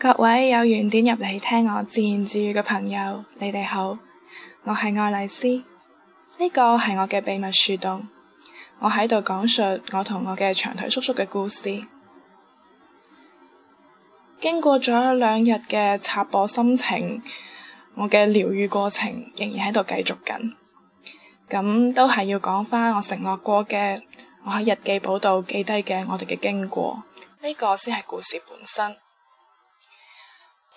各位有緣點入嚟聽我自言自語嘅朋友，你哋好，我係愛麗絲。呢個係我嘅秘密樹洞，我喺度講述我同我嘅長腿叔叔嘅故事。經過咗兩日嘅插播心情，我嘅療愈過程仍然喺度繼續緊。咁都係要講翻我承諾過嘅，我喺日記簿度記低嘅我哋嘅經過，呢個先係故事本身。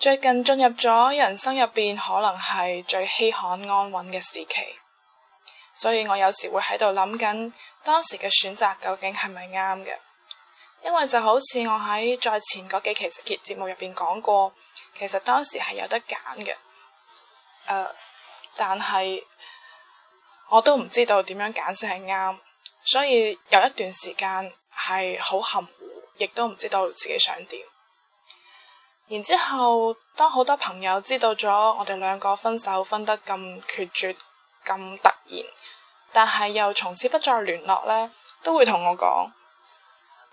最近進入咗人生入邊，可能係最稀罕安穩嘅時期，所以我有時會喺度諗緊當時嘅選擇究竟係咪啱嘅，因為就好似我喺在再前嗰幾期節目入邊講過，其實當時係有得揀嘅，呃，但係我都唔知道點樣揀先係啱，所以有一段時間係好含糊，亦都唔知道自己想點。然之後，當好多朋友知道咗我哋兩個分手分得咁決絕、咁突然，但係又從此不再聯絡呢，都會同我講：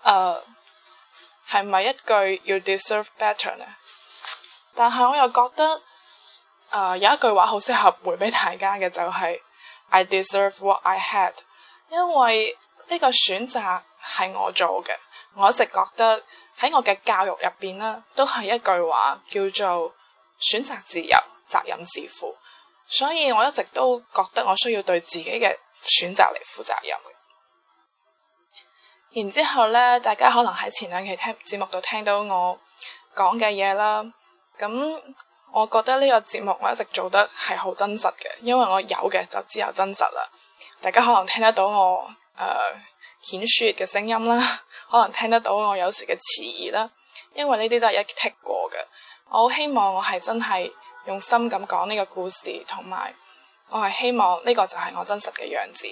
「誒，係咪一句 You deserve better 呢？」但係我又覺得，呃，有一句話好適合回俾大家嘅就係：「I deserve what I had，因為呢個選擇係我做嘅，我一直覺得。喺我嘅教育入邊呢，都係一句話叫做選擇自由，責任自負。所以我一直都覺得我需要對自己嘅選擇嚟負責任。然之後呢，大家可能喺前兩期聽節目度聽到我講嘅嘢啦。咁我覺得呢個節目我一直做得係好真實嘅，因為我有嘅就只有真實啦。大家可能聽得到我誒。呃顯說嘅聲音啦，可能聽得到我有時嘅遲疑啦，因為呢啲都係一剔過嘅。我好希望我係真係用心咁講呢個故事，同埋我係希望呢個就係我真實嘅樣子。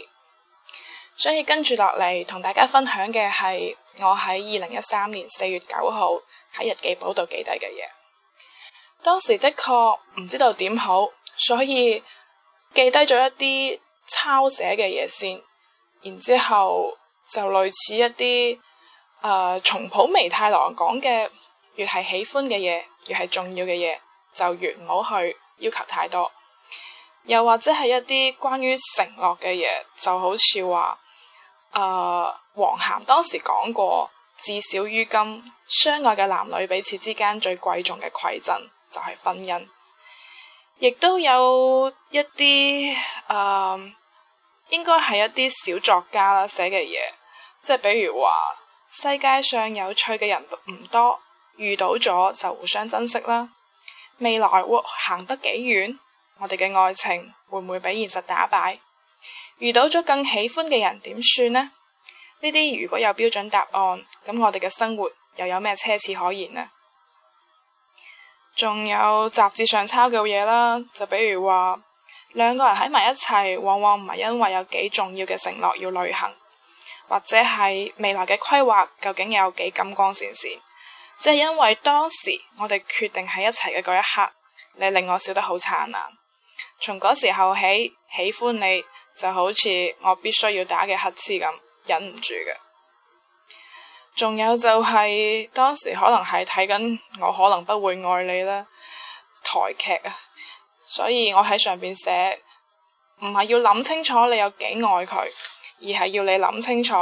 所以跟住落嚟同大家分享嘅係我喺二零一三年四月九號喺日記簿度記低嘅嘢。當時的確唔知道點好，所以記低咗一啲抄寫嘅嘢先，然之後。就類似一啲，誒、呃，松浦彌太郎講嘅，越係喜歡嘅嘢，越係重要嘅嘢，就越唔好去要求太多。又或者係一啲關於承諾嘅嘢，就好似話，誒、呃，黃涵當時講過，至少於今，相愛嘅男女彼此之間最貴重嘅饋贈就係、是、婚姻。亦都有一啲，誒、呃。應該係一啲小作家啦，寫嘅嘢，即係比如話世界上有趣嘅人唔多，遇到咗就互相珍惜啦。未來會行得幾遠？我哋嘅愛情會唔會俾現實打敗？遇到咗更喜歡嘅人點算呢？呢啲如果有標準答案，咁我哋嘅生活又有咩奢侈可言啊？仲有雜誌上抄嘅嘢啦，就比如話。兩個人喺埋一齊，往往唔係因為有幾重要嘅承諾要履行，或者係未來嘅規劃究竟有幾金光閃閃，即係因為當時我哋決定喺一齊嘅嗰一刻，你令我笑得好燦爛。從嗰時候起，喜歡你就好似我必須要打嘅乞嗤咁，忍唔住嘅。仲有就係、是、當時可能係睇緊我可能不會愛你啦台劇啊。所以我喺上邊寫，唔係要諗清楚你有幾愛佢，而係要你諗清楚，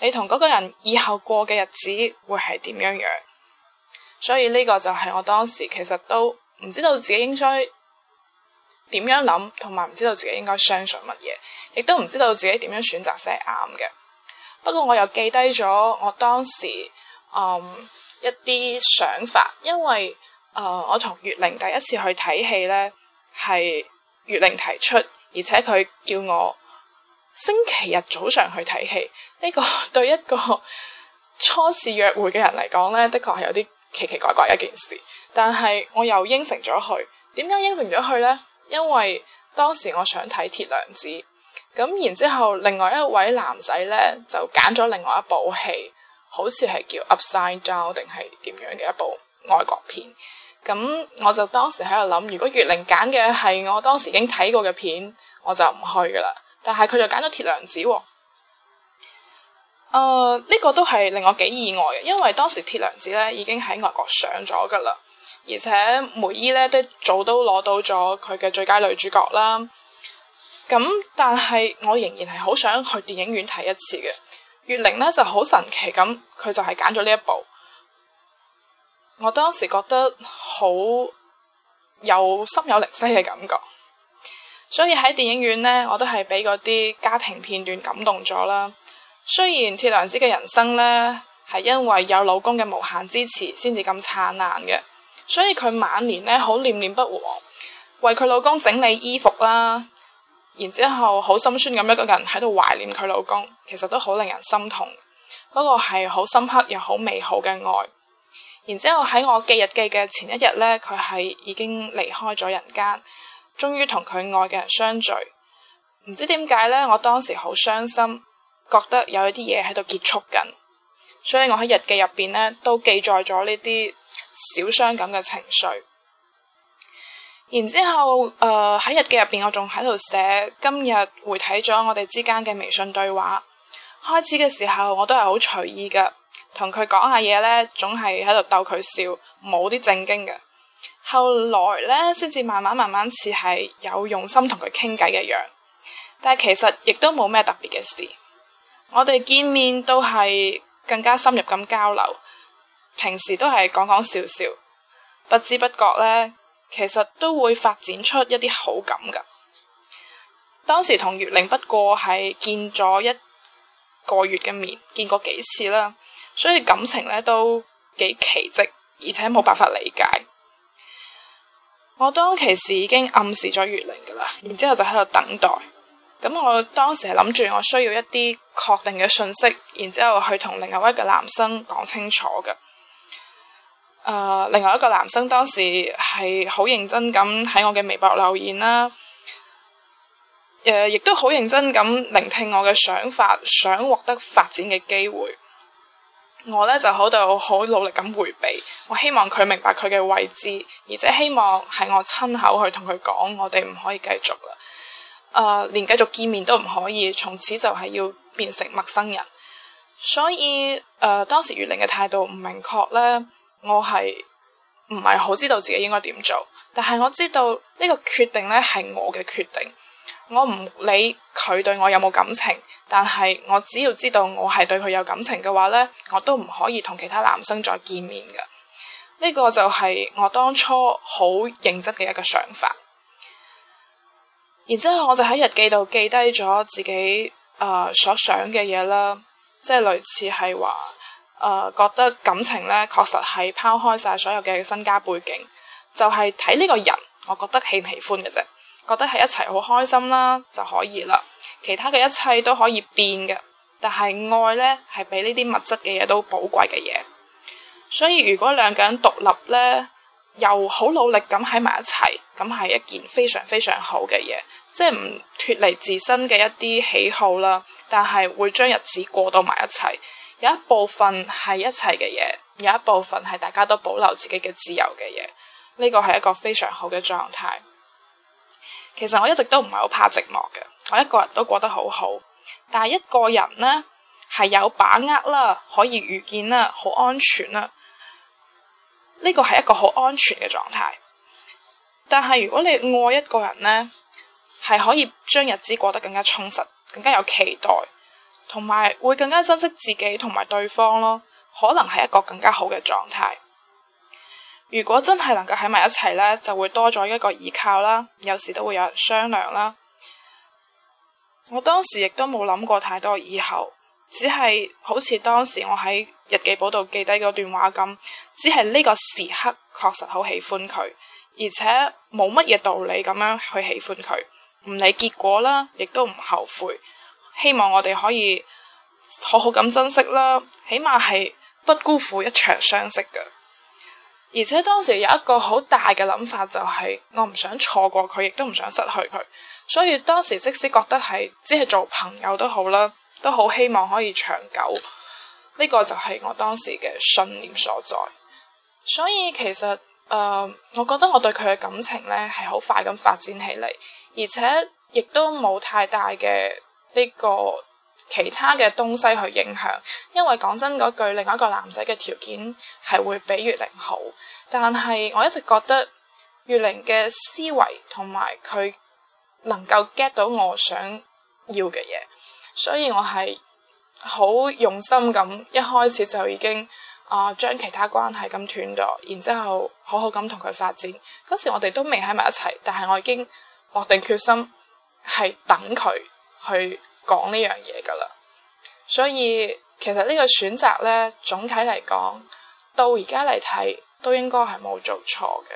你同嗰個人以後過嘅日子會係點樣樣。所以呢個就係我當時其實都唔知道自己應該點樣諗，同埋唔知道自己應該相信乜嘢，亦都唔知道自己點樣選擇寫啱嘅。不過我又記低咗我當時，嗯一啲想法，因為。誒，uh, 我同月玲第一次去睇戲呢，係月玲提出，而且佢叫我星期日早上去睇戲。呢個對一個初次約會嘅人嚟講呢，的確係有啲奇奇怪怪一件事。但係我又應承咗佢，點解應承咗佢呢？因為當時我想睇《鐵娘子》，咁然之後另外一位男仔呢，就揀咗另外一部戲，好似係叫 Upside Down 定係點樣嘅一部外國片。咁我就當時喺度諗，如果月玲揀嘅係我當時已經睇過嘅片，我就唔去噶啦。但係佢就揀咗《鐵娘子》喎。呃，呢個都係令我幾意外嘅，因為當時《鐵娘子》呢已經喺外國上咗噶啦，而且梅姨呢都早都攞到咗佢嘅最佳女主角啦。咁但係我仍然係好想去電影院睇一次嘅。月玲呢就好神奇咁，佢就係揀咗呢一部。我當時覺得好有心有靈犀嘅感覺，所以喺電影院呢，我都係俾嗰啲家庭片段感動咗啦。雖然鐵娘子嘅人生呢，係因為有老公嘅無限支持先至咁燦爛嘅，所以佢晚年呢，好念念不忘，為佢老公整理衣服啦，然之後好心酸咁一個人喺度懷念佢老公，其實都好令人心痛。嗰個係好深刻又好美好嘅愛。然之後喺我記日記嘅前一日呢，佢係已經離開咗人間，終於同佢愛嘅人相聚。唔知點解呢，我當時好傷心，覺得有一啲嘢喺度結束緊，所以我喺日記入邊呢都記載咗呢啲小傷感嘅情緒。然之後，誒、呃、喺日記入邊，我仲喺度寫今日回睇咗我哋之間嘅微信對話。開始嘅時候，我都係好隨意㗎。同佢講下嘢呢，總係喺度逗佢笑，冇啲正經嘅。後來呢，先至慢慢慢慢似係有用心同佢傾偈一樣，但係其實亦都冇咩特別嘅事。我哋見面都係更加深入咁交流，平時都係講講笑笑，不知不覺呢，其實都會發展出一啲好感㗎。當時同月玲不過係見咗一個月嘅面，見過幾次啦。所以感情呢都幾奇跡，而且冇辦法理解。我當其時已經暗示咗月玲噶啦，然之後就喺度等待。咁我當時係諗住我需要一啲確定嘅信息，然之後去同另外一個男生講清楚噶。呃，另外一個男生當時係好認真咁喺我嘅微博留言啦，亦都好認真咁聆聽我嘅想法，想獲得發展嘅機會。我咧就好到好努力咁回避，我希望佢明白佢嘅位置，而且希望係我親口去同佢講，我哋唔可以繼續啦。誒、呃，連繼續見面都唔可以，從此就係要變成陌生人。所以誒、呃，當時月玲嘅態度唔明確呢，我係唔係好知道自己應該點做？但係我知道呢個決定呢，係我嘅決定。我唔理佢對我有冇感情，但係我只要知道我係對佢有感情嘅話呢，我都唔可以同其他男生再見面㗎。呢個就係我當初好認真嘅一個想法。然之後我就喺日記度記低咗自己誒、呃、所想嘅嘢啦，即係類似係話誒覺得感情咧確實係拋開晒所有嘅身家背景，就係睇呢個人，我覺得喜唔喜歡嘅啫。覺得係一齊好開心啦，就可以啦。其他嘅一切都可以變嘅，但係愛呢係比呢啲物質嘅嘢都寶貴嘅嘢。所以如果兩個人獨立呢，又好努力咁喺埋一齊，咁係一件非常非常好嘅嘢。即係唔脫離自身嘅一啲喜好啦，但係會將日子過到埋一齊。有一部分係一齊嘅嘢，有一部分係大家都保留自己嘅自由嘅嘢。呢個係一個非常好嘅狀態。其實我一直都唔係好怕寂寞嘅，我一個人都過得好好。但係一個人呢，係有把握啦，可以預見啦，好安全啦。呢個係一個好安全嘅狀態。但係如果你愛一個人呢，係可以將日子過得更加充實，更加有期待，同埋會更加珍惜自己同埋對方咯。可能係一個更加好嘅狀態。如果真係能夠喺埋一齊呢，就會多咗一個依靠啦，有時都會有人商量啦。我當時亦都冇諗過太多以後，只係好似當時我喺日記簿度記低嗰段話咁，只係呢個時刻確實好喜歡佢，而且冇乜嘢道理咁樣去喜歡佢，唔理結果啦，亦都唔後悔。希望我哋可以好好咁珍惜啦，起碼係不辜負一場相識嘅。而且當時有一個好大嘅諗法，就係我唔想錯過佢，亦都唔想失去佢，所以當時即使覺得係只係做朋友都好啦，都好希望可以長久。呢個就係我當時嘅信念所在。所以其實誒，我覺得我對佢嘅感情呢係好快咁發展起嚟，而且亦都冇太大嘅呢個。其他嘅東西去影響，因為講真嗰句，另外一個男仔嘅條件係會比月玲好，但係我一直覺得月玲嘅思維同埋佢能夠 get 到我想要嘅嘢，所以我係好用心咁一開始就已經啊、呃、將其他關係咁斷咗，然之後好好咁同佢發展。嗰時我哋都未喺埋一齊，但係我已經落定決心，係等佢去。講呢樣嘢噶啦，所以其實呢個選擇呢，總體嚟講，到而家嚟睇都應該係冇做錯嘅。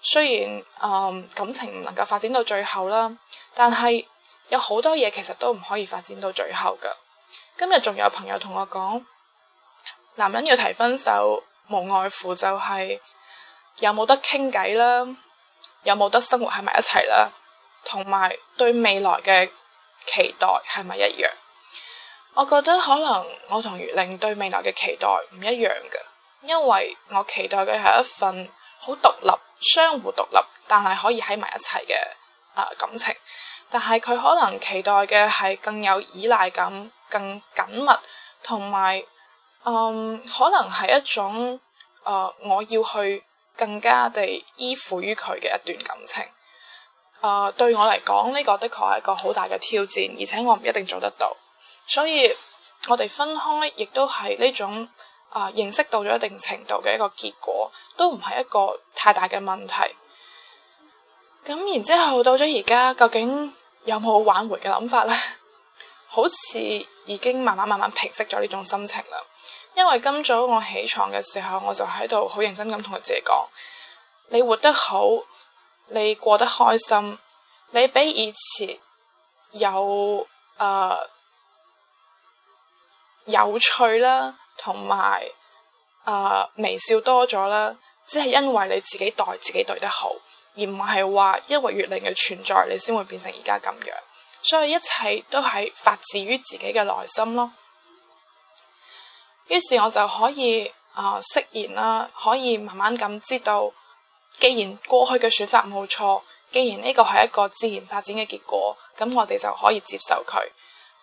雖然嗯，感情唔能夠發展到最後啦，但係有好多嘢其實都唔可以發展到最後噶。今日仲有朋友同我講，男人要提分手，無外乎就係、是、有冇得傾偈啦，有冇得生活喺埋一齊啦，同埋對未來嘅。期待係咪一樣？我覺得可能我同月令對未來嘅期待唔一樣嘅，因為我期待嘅係一份好獨立、相互獨立但係可以喺埋一齊嘅感情，但係佢可能期待嘅係更有依賴感、更緊密，同埋嗯可能係一種、呃、我要去更加地依附於佢嘅一段感情。啊、呃，對我嚟講呢個的確係一個好大嘅挑戰，而且我唔一定做得到，所以我哋分開亦都係呢種啊、呃、認識到咗一定程度嘅一個結果，都唔係一個太大嘅問題。咁然之後到咗而家，究竟有冇挽回嘅諗法呢？ 好似已經慢慢慢慢平息咗呢種心情啦。因為今早我起床嘅時候，我就喺度好認真咁同佢自己講：你活得好。你過得開心，你比以前有誒、呃、有趣啦，同埋誒微笑多咗啦，只係因為你自己待自己對得好，而唔係話因為月齡嘅存在，你先會變成而家咁樣。所以一切都係發自於自己嘅內心咯。於是我就可以誒、呃、釋然啦，可以慢慢咁知道。既然過去嘅選擇冇錯，既然呢個係一個自然發展嘅結果，咁我哋就可以接受佢。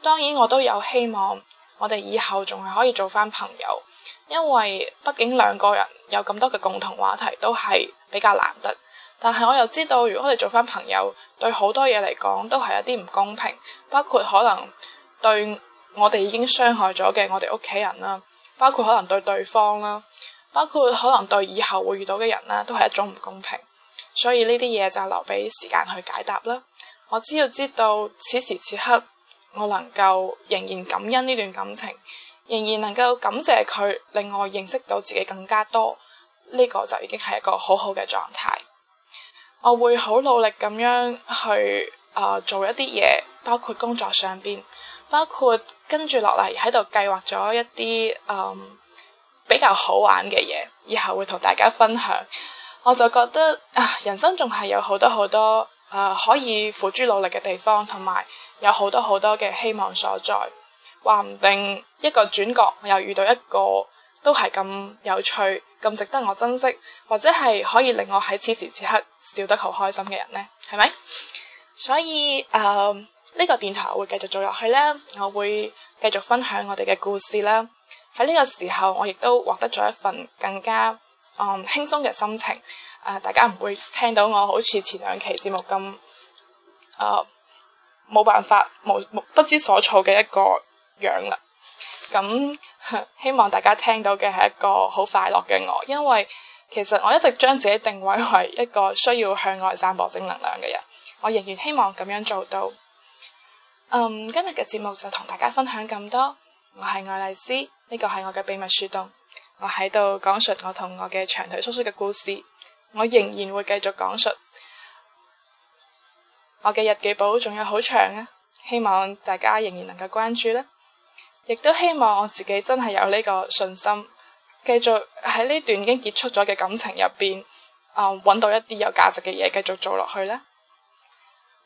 當然，我都有希望我哋以後仲係可以做返朋友，因為畢竟兩個人有咁多嘅共同話題都係比較難得。但係我又知道，如果我哋做返朋友，對好多嘢嚟講都係一啲唔公平，包括可能對我哋已經傷害咗嘅我哋屋企人啦，包括可能對對方啦。包括可能對以後會遇到嘅人啦，都係一種唔公平，所以呢啲嘢就留俾時間去解答啦。我只要知道此時此刻我能夠仍然感恩呢段感情，仍然能夠感謝佢令我認識到自己更加多，呢、這個就已經係一個好好嘅狀態。我會好努力咁樣去啊、呃、做一啲嘢，包括工作上邊，包括跟住落嚟喺度計劃咗一啲嗯。比較好玩嘅嘢，以後會同大家分享。我就覺得啊，人生仲係有好多好多誒、呃，可以付諸努力嘅地方，同埋有好多好多嘅希望所在。話唔定一個轉角，我又遇到一個都係咁有趣、咁值得我珍惜，或者係可以令我喺此時此刻笑得好開心嘅人呢，係咪？所以誒，呢、呃這個電台我會繼續做落去啦，我會繼續分享我哋嘅故事啦。喺呢個時候，我亦都獲得咗一份更加嗯輕鬆嘅心情。呃、大家唔會聽到我好似前兩期節目咁、呃、冇辦法冇不知所措嘅一個樣啦。咁、嗯、希望大家聽到嘅係一個好快樂嘅我，因為其實我一直將自己定位為一個需要向外散播正能量嘅人，我仍然希望咁樣做到。嗯、今日嘅節目就同大家分享咁多。我係愛麗絲，呢個係我嘅秘密樹洞。我喺度講述我同我嘅長腿叔叔嘅故事。我仍然會繼續講述我嘅日記簿，仲有好長啊！希望大家仍然能夠關注啦。亦都希望我自己真係有呢個信心，繼續喺呢段已經結束咗嘅感情入邊啊，搵、呃、到一啲有價值嘅嘢，繼續做落去啦。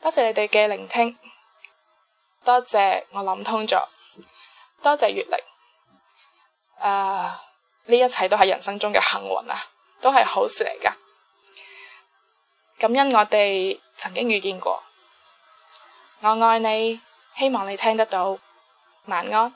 多謝你哋嘅聆聽，多謝我諗通咗。多謝月玲，誒、啊，呢一切都係人生中嘅幸運啊，都係好事嚟噶。感恩我哋曾經遇見過，我愛你，希望你聽得到，晚安。